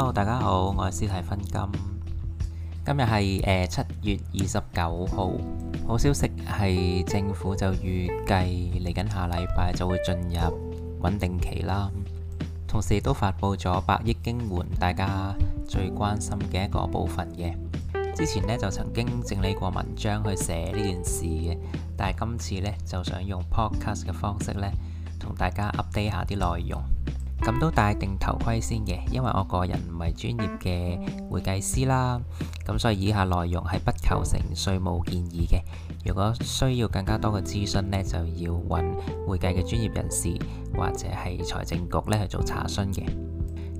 Hello，大家好，我係斯提芬金。今日係，呃，誒七月二十九號，好消息係政府就預計嚟緊下禮拜就會進入穩定期啦。同時都發布咗百億經援，大家最關心嘅一個部分嘅。之前呢就曾經整理過文章去寫呢件事嘅，但係今次呢就想用 Podcast 嘅方式呢，同大家 update 下啲內容。咁都戴定頭盔先嘅，因為我個人唔係專業嘅會計師啦，咁所以以下內容係不構成稅務建議嘅。如果需要更加多嘅諮詢呢，就要揾會計嘅專業人士或者係財政局呢去做查詢嘅。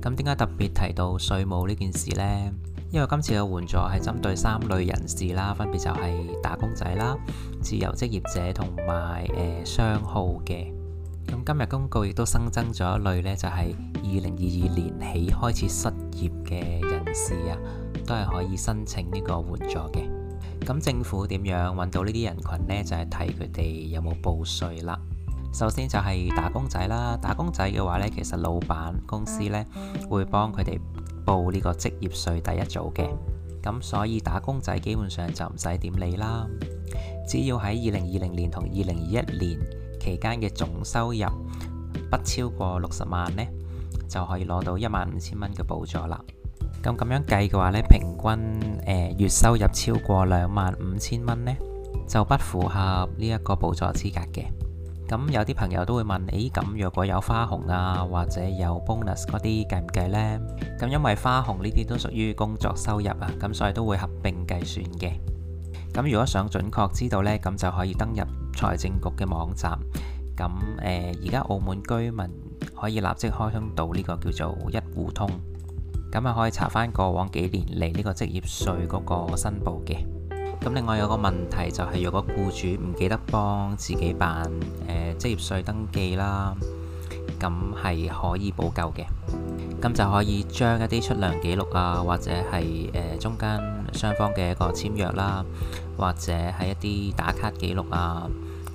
咁點解特別提到稅務呢件事呢？因為今次嘅援助係針對三類人士啦，分別就係打工仔啦、自由職業者同埋誒商號嘅。咁今日公告亦都新增咗一類咧，就係二零二二年起開始失業嘅人士啊，都係可以申請呢個援助嘅。咁政府點樣揾到呢啲人群呢？就係睇佢哋有冇報稅啦。首先就係打工仔啦，打工仔嘅話呢，其實老闆公司呢會幫佢哋報呢個職業稅第一組嘅。咁所以打工仔基本上就唔使點理啦，只要喺二零二零年同二零二一年，期間嘅總收入不超過六十萬呢，就可以攞到一萬五千蚊嘅補助啦。咁咁樣計嘅話呢，平均、呃、月收入超過兩萬五千蚊呢，就不符合呢一個補助資格嘅。咁有啲朋友都會問：「誒咁若果有花紅啊，或者有 bonus 嗰啲計唔計呢？」咁因為花紅呢啲都屬於工作收入啊，咁所以都會合併計算嘅。咁如果想準確知道呢，咁就可以登入。財政局嘅網站，咁誒而家澳門居民可以立即開通到呢個叫做一戶通，咁啊可以查返過往幾年嚟呢個職業稅嗰個申報嘅。咁另外有個問題就係，若果僱主唔記得幫自己辦誒、呃、職業稅登記啦，咁係可以補救嘅，咁就可以將一啲出糧記錄啊，或者係誒、呃、中間。雙方嘅一個簽約啦，或者係一啲打卡記錄啊、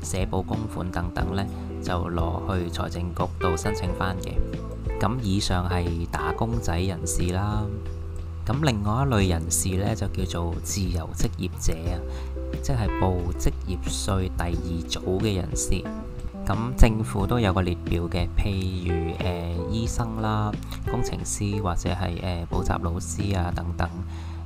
社保供款等等呢，就攞去財政局度申請翻嘅。咁以上係打工仔人士啦。咁另外一類人士呢，就叫做自由職業者啊，即係報職業稅第二組嘅人士。咁政府都有個列表嘅，譬如誒、呃、醫生啦、工程師或者係誒、呃、補習老師啊等等。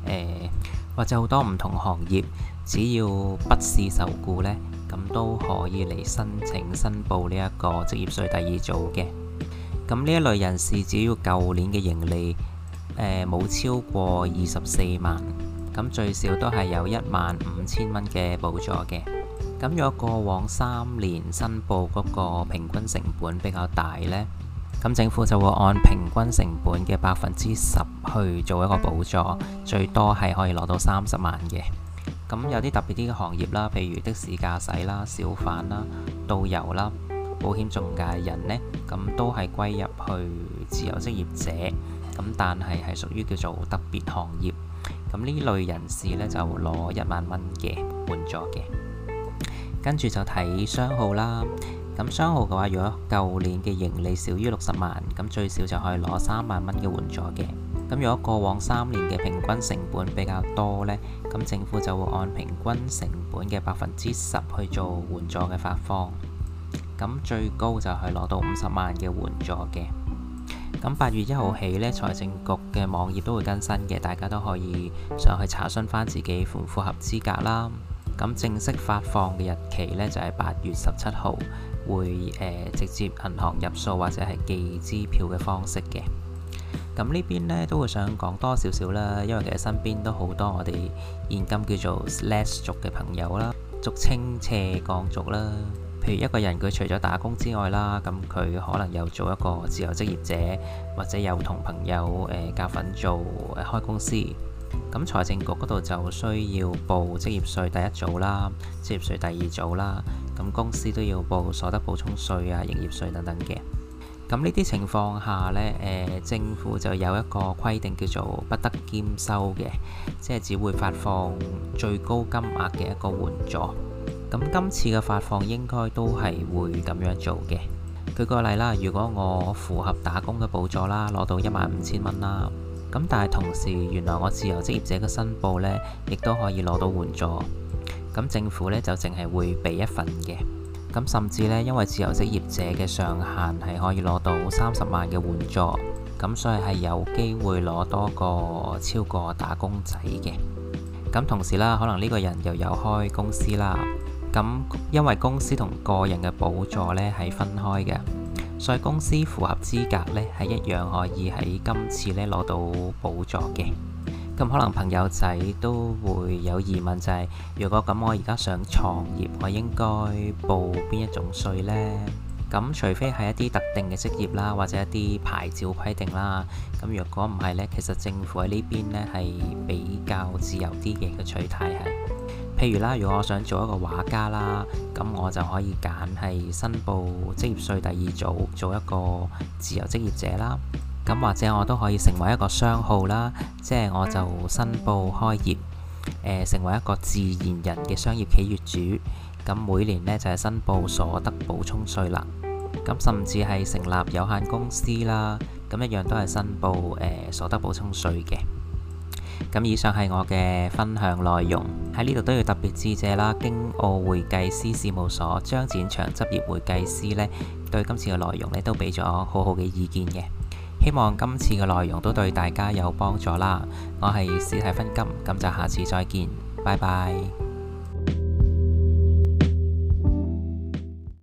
誒、呃，或者好多唔同行業，只要不是受雇呢，咁都可以嚟申請申報呢一個職業稅第二組嘅。咁呢一類人士，只要舊年嘅盈利冇、呃、超過二十四萬，咁最少都係有一萬五千蚊嘅補助嘅。咁若過往三年申報嗰個平均成本比較大呢。咁政府就會按平均成本嘅百分之十去做一個補助，最多係可以攞到三十萬嘅。咁有啲特別啲嘅行業啦，譬如的士駕駛啦、小販啦、導遊啦、保險仲介人呢，咁都係歸入去自由職業者。咁但係係屬於叫做特別行業。咁呢類人士呢，就攞一萬蚊嘅援助嘅。跟住就睇商號啦。咁商號嘅話，如果舊年嘅盈利少於六十萬，咁最少就可以攞三萬蚊嘅援助嘅。咁如果過往三年嘅平均成本比較多呢，咁政府就會按平均成本嘅百分之十去做援助嘅發放。咁最高就係攞到五十萬嘅援助嘅。咁八月一號起呢，財政局嘅網頁都會更新嘅，大家都可以上去查詢翻自己符合資格啦。咁正式發放嘅日期呢，就係八月十七號。會誒、呃、直接銀行入數或者係寄支票嘅方式嘅，咁呢邊呢，都會想講多少少啦，因為其實身邊都好多我哋現今叫做 slash 族嘅朋友啦，俗稱斜降族啦。譬如一個人佢除咗打工之外啦，咁佢可能又做一個自由職業者，或者又同朋友誒夾份做、呃、開公司。咁財政局嗰度就需要報職業稅第一組啦、職業稅第二組啦，咁公司都要報所得補充稅啊、營業稅等等嘅。咁呢啲情況下呢，誒，政府就有一個規定叫做不得兼收嘅，即係只會發放最高金額嘅一個援助。咁今次嘅發放應該都係會咁樣做嘅。舉個例啦，如果我符合打工嘅補助啦，攞到一萬五千蚊啦。咁但係同時，原來我自由職業者嘅申報呢，亦都可以攞到援助。咁政府呢，就淨係會俾一份嘅。咁甚至呢，因為自由職業者嘅上限係可以攞到三十萬嘅援助，咁所以係有機會攞多個超過打工仔嘅。咁同時啦，可能呢個人又有開公司啦。咁因為公司同個人嘅補助呢，係分開嘅。所以公司符合資格咧，係一樣可以喺今次咧攞到補助嘅。咁可能朋友仔都會有疑問，就係：「如果咁，我而家想創業，我應該報邊一種稅呢？」咁除非係一啲特定嘅職業啦，或者一啲牌照規定啦。咁若果唔係呢，其實政府喺呢邊呢，係比較自由啲嘅個取態係。譬如啦，如果我想做一個畫家啦，咁我就可以揀係申報職業稅第二組，做一個自由職業者啦。咁或者我都可以成為一個商號啦，即係我就申報開業，呃，成為一個自然人嘅商業企業主。咁每年呢，就係申報所得補充稅啦。咁甚至係成立有限公司啦，咁一樣都係申報誒所得補充稅嘅。咁以上係我嘅分享內容，喺呢度都要特別致謝啦！京澳會計師事務所張展祥執業會計師呢，對今次嘅內容呢都俾咗好好嘅意見嘅。希望今次嘅內容都對大家有幫助啦！我係史泰芬金，咁就下次再見，拜拜。